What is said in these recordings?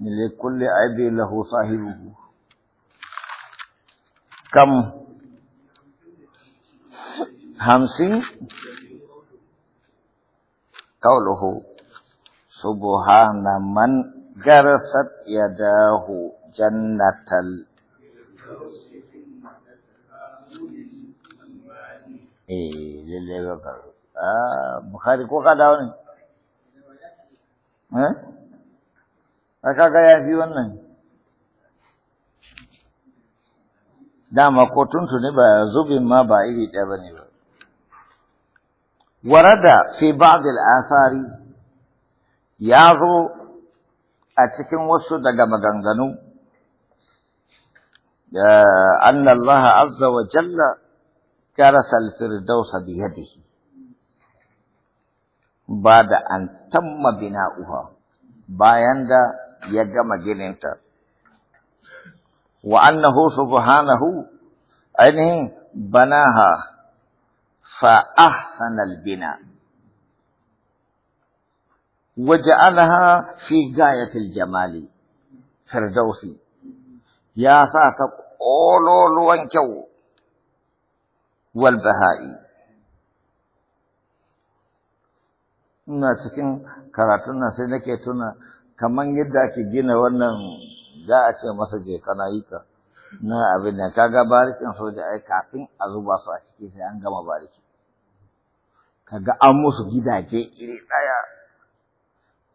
لكل عيب له صاحبه كم خمسين قوله سبحان من جرست يداه جنة ال... إيه لله بكر آه بخاري كو قاعد ها a kaga ya fi wannan dama ko tuntuni ba zubin ma ba iri ɗaya ba ne ba warada fi ba'd al ya zo a cikin wasu daga maganganu eh, anna Allah azza wa jalla karasa al-firdaus bi yadihi ba da an tamma bina'uha bayan da يجمع جنينتا وأنه سبحانه أنه بناها فأحسن البناء وجعلها في غاية الجمال فردوسي يا ساتب أولو لونكو والبهائي na cikin karatun nan sai kaman yadda ake gina wannan za a ce masa je kana yi ka na abin da kaga barikin soja ai kafin a zuba su a ciki sai an gama bariki kaga an musu gidaje iri ɗaya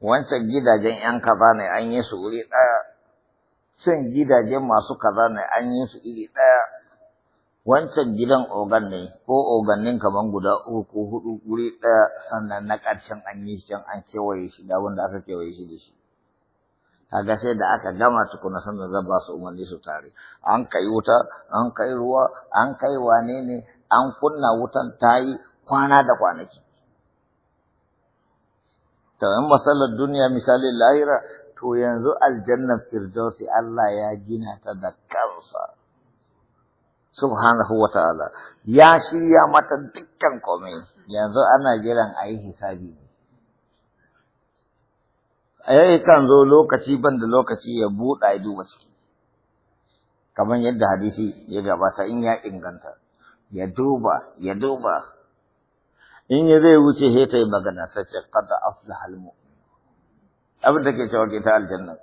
wancan gidajen yan kaza ne an yi su wuri ɗaya can gidajen masu kaza ne an yi su iri ɗaya wancan gidan ogan ne ko ogannin kaman guda uku ko hudu wuri ɗaya sannan na ƙarshen an yi can an kewaye shi da wanda aka kewaye shi da shi kaga sai da aka gama tukuna sannan zan ba su umarni su tare an kai wuta an kai ruwa an kai wane ne an kunna wutan ta yi kwana da kwanaki to in masalar duniya misali lahira to yanzu aljannar firdausi Allah ya gina ta da kansa subhanahu wa ta'ala ya shirya mata dukkan komai yanzu ana jiran a yi hisabi ne ai kan zo lokaci ban da lokaci ya buɗa ya duba ciki kamar yadda hadisi ya gabata in ya inganta ya duba ya duba in ya zai wuce he ta yi magana ta ce kada al mu'min abin da ke cewa ke ta aljanna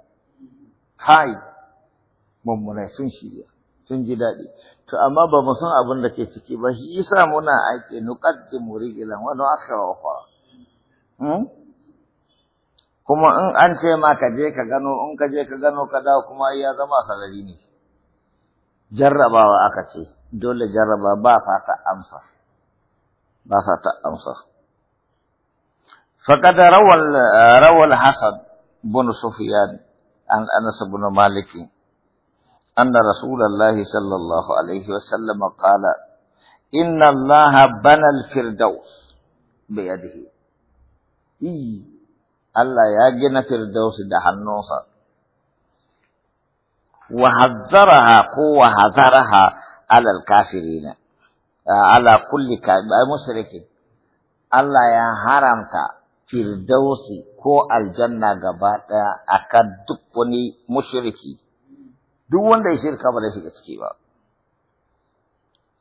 kai mummunai sun shirya sun ji daɗi to amma ba mu san abin da ke ciki ba shi yasa muna aiki nuqaddimu rijlan wa nu'akhkhiru ukhra hmm? kuma in an ce ma ka je ka gano in ka je ka gano ka dawo kuma ya zama sarari ne jarrabawa aka ce dole jarraba ba sa ta amsa ba sa ta amsa faqad rawal rawal hasad bin sufyan an anas bin malik anna rasulullah sallallahu alaihi wasallam qala inna allaha bana al-firdaus bi yadihi Allah ya gina firdausi da hannunsa wa hazzaraha ko wa hazaraha alal kafirina ala kulli mushrikin Allah ya haramta firdausi ko aljanna gaba a kan duk wani mushiriki. duk wanda ya shirka ba zai shiga ciki ba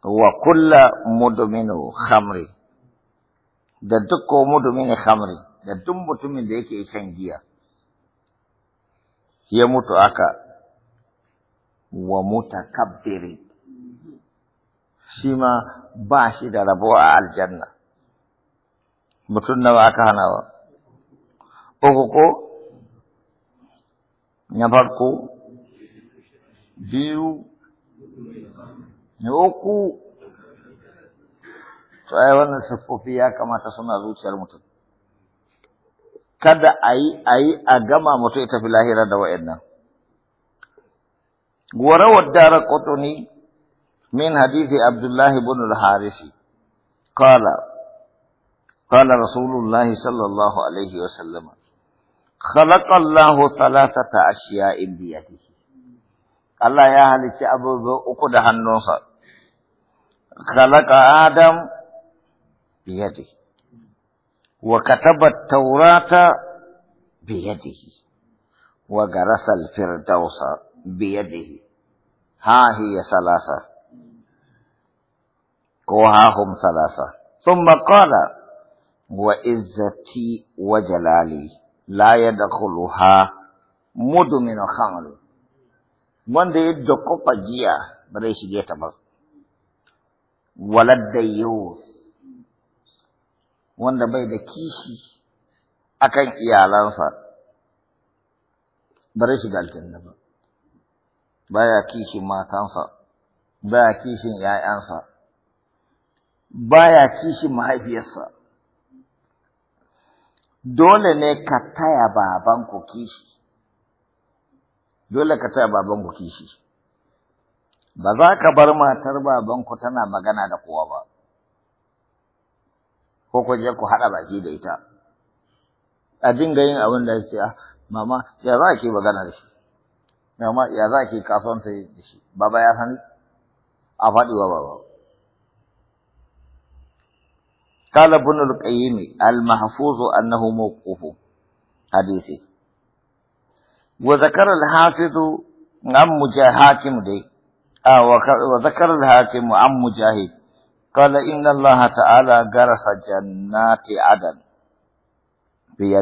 wa kulla khamri da duk ko khamri da duk mutumin da yake shan giya ya mutu aka wa mutakabbiri shi ma ba shi da rabo a aljanna mutum nawa aka ba uku ko na farko biyu na uku to ai wannan siffofi ya kamata suna zuciyar mutum kada a yi a yi a gama mutu ita fi lahira da wa'annan warawar dara kotuni min hadithi abdullahi bin al-harisi Kala qala rasulullahi sallallahu alaihi wa sallam khalaqa Allahu thalathata ashiya'in bi Allah ya halicci abubuwa uku da hannunsa Adam bi Waka tabbatar taurata biyya ɗaya. Wa garasar Ferdowsa biyya ɗaya. Ha aheya salasa ko ha a humna salasa. Sun baƙala. Wa izatti waje lalai. La ya da hulɗu ha mudumin maƙamalu? Wanda ya dafa kwafa jiya, ban shiga ta wanda bai da kishi akan iyalansa bare shi ga aljanna ba baya kishin matansa baya kishin ‘ya'yansa, baya kishin mahaifiyarsa, dole ne ka taya ku kishi, dole ka taya babanku kishi, ba za ka bar matar babanku tana magana da kowa ba, ko ku je ku haɗa baki da ita a dinga yin abin da ce ah, mama ya za ki magana da shi mama ya za ki kasuwanta da shi baba ya sani a faɗiwa wa baba قال ابن القيم المحفوظ أنه موقوف حديثه وذكر الحافظ عن مجاهاتم دي آه وذكر الحاكم عن مجاهد قال ta'ala الله تعالى غرس Falan ma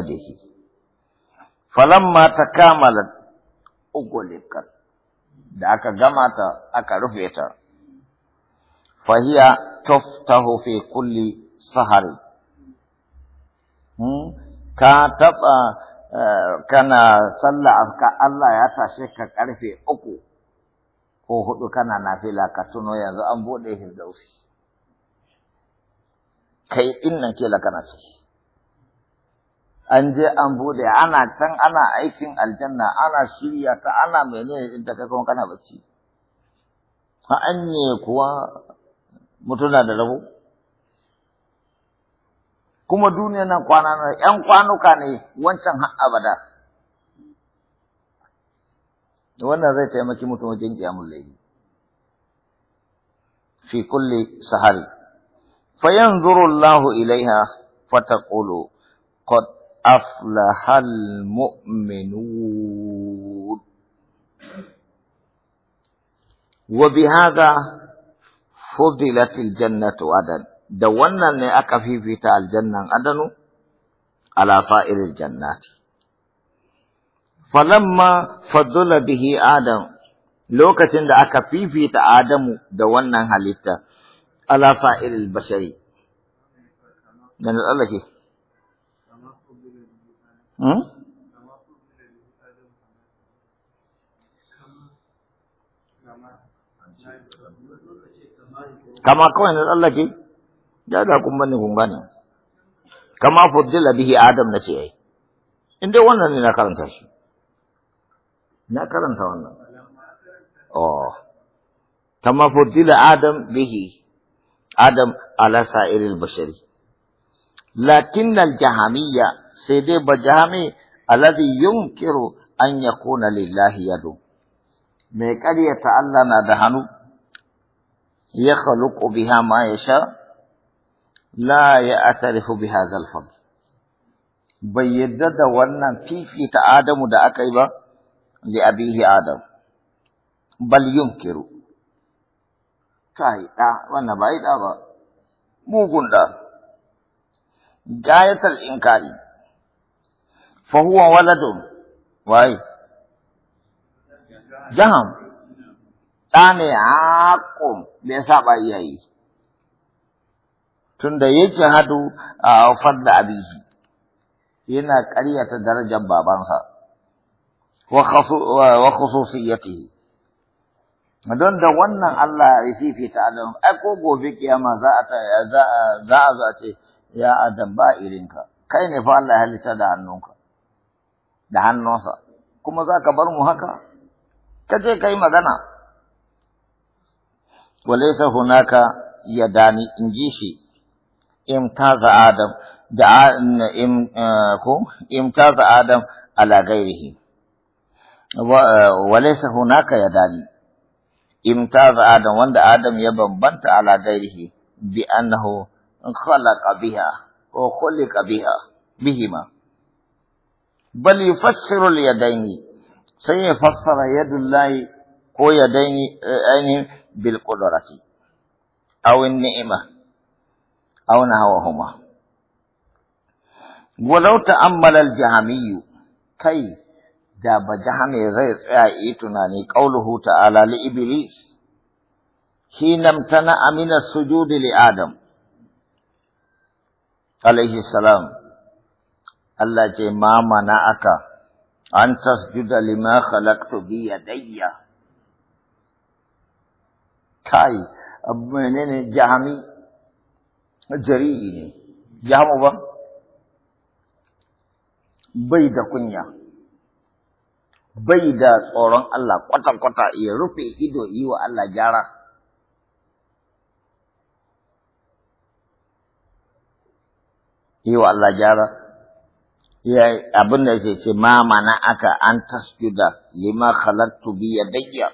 ta فلما تكاملت أغلقت da aka gama ta aka rufe ta fahiya tuftahu fi kulli sahari hmm? ka taɓa uh, eh, kana sallah ka Allah ya tashe ka karfe uku ko huɗu kana nafila ka tuno yanzu an buɗe firdausi kai inna ke ke lakana ce an je an bude ana can ana aikin aljanna ana shirya ta ana menene in ta kai kuma kana bacci fa an ne kuwa mutuna da rabo kuma duniya nan kwana na yan kwanuka ne wancan har abada wannan zai taimaki mutum wajen kiyamul layli fi kulli sahari فينظر الله إليها فتقول قد أفلح المؤمنون وبهذا فضلت الجنة أدن دوانا لأك في فتاة الجنة أدن على طائر الجنات فلما فضل به آدم لوكتن دا أكا في فتاة آدم دوانا هلتا ala fa'ilil bashari dan Allah ke hmm? kama kawai na Allah ke da da kun bane kun gane kama fuddila bihi adam na ai in dai wannan ne na karanta shi na karanta wannan oh kama fuddila adam bihi آدم على سائر البشر لكن الجهمية سيدي بجهمي الذي ينكر أن يكون لله يد ميكالي يتعلنا دهنو يخلق بها ما يشاء لا يأترف بهذا الفضل بيدد ونن في في آدم دا أكيبا لأبيه آدم بل ينكر kai wannan ba yi ba mugun ɗa gayatar inkari fa huwa waladun wai jaham ɗa ne haƙƙun da ya saba iyaye tunda yake hadu a fadda abihi yana ƙaryata darajar babansa wa khususiyatihi don da wannan Allah ya ta Adam ai ko gobe kiyama za a za a za a ce ya Adam ba irinka kai ne fa Allah ya halitta da hannunka da hannunsa kuma za ka bar mu haka ka je kai magana walaysa hunaka yadani in shi imtaza Adam da im eh, ko imtaza Adam ala gairihi walaysa eh, hunaka yadani امتاز آدم وند آدم بنت على غيره بأنه خلق بها وخلق بها بهما بل يفسر اليدين سي فسر يد الله كو يدين يعني بالقدرة أو النعمة أو نحوهما ولو تأمل الجهمي كيف da ba jahame zai tsaya yi tunani kauluhu ta'ala li iblis hinam tana amina sujudi li adam alaihi salam Allah ce ma mana aka an tasjuda lima khalaqtu bi yadayya kai abu ne jahami jari'i ne jahamu ba bai da kunya bai da tsoron Allah kwata-kwata ya rufe ido yi wa Allah gyara. Yi wa Allah gyara, abin da ya ce ma mana aka an tasjuda lima halattu biya dayya.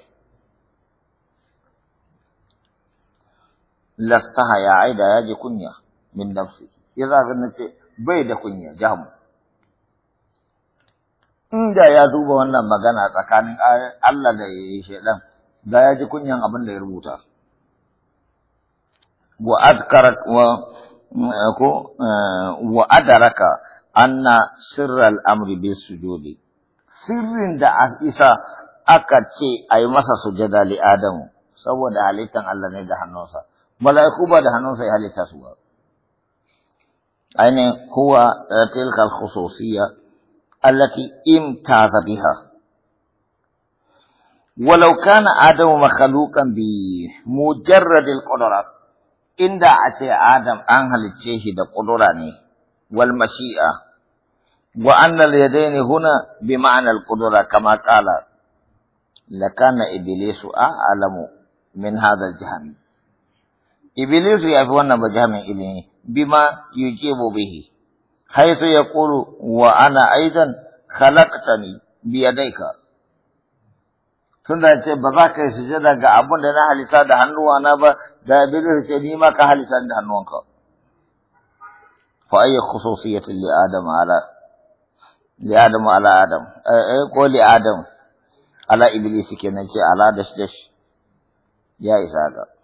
Lastaha ya aida ya ji kunya min nafsi, ya za ce bai da kunya jamu. inda ya duba wannan magana tsakanin Allah da shaidan da ya ji kunyan abin da ya rubuta wa adkara wa ko wa adaraka anna sirral amri sujudi sirrin da isa aka ce a masa sujada li adamu saboda halittan Allah ne da hannunsa mala'iku ba da hannunsa ya halitta su ba ainihin huwa eh, tilkal khususiyya التي امتاز بها ولو كان آدم مخلوقا بمجرد القدرات إن أتي آدم أنهل الشيء دا قدراني والمشيئة وأن اليدين هنا بمعنى القدرة كما قال لكان إبليس أعلم من هذا الجهنم إبليس يعرف بجهنم إليه بما يجيب به حيث يقول وأنا أيضا خلقتني بيديك tunda ce ba za ka yi sujada ga abin da na halitta da hannuwana ba da bilir ce ni ma ka halitta da hannuwanka fa ayi khususiyatin li adam ala li adam ala adam eh ko li adam ala iblis kenan ce ala dash dash ya isa ga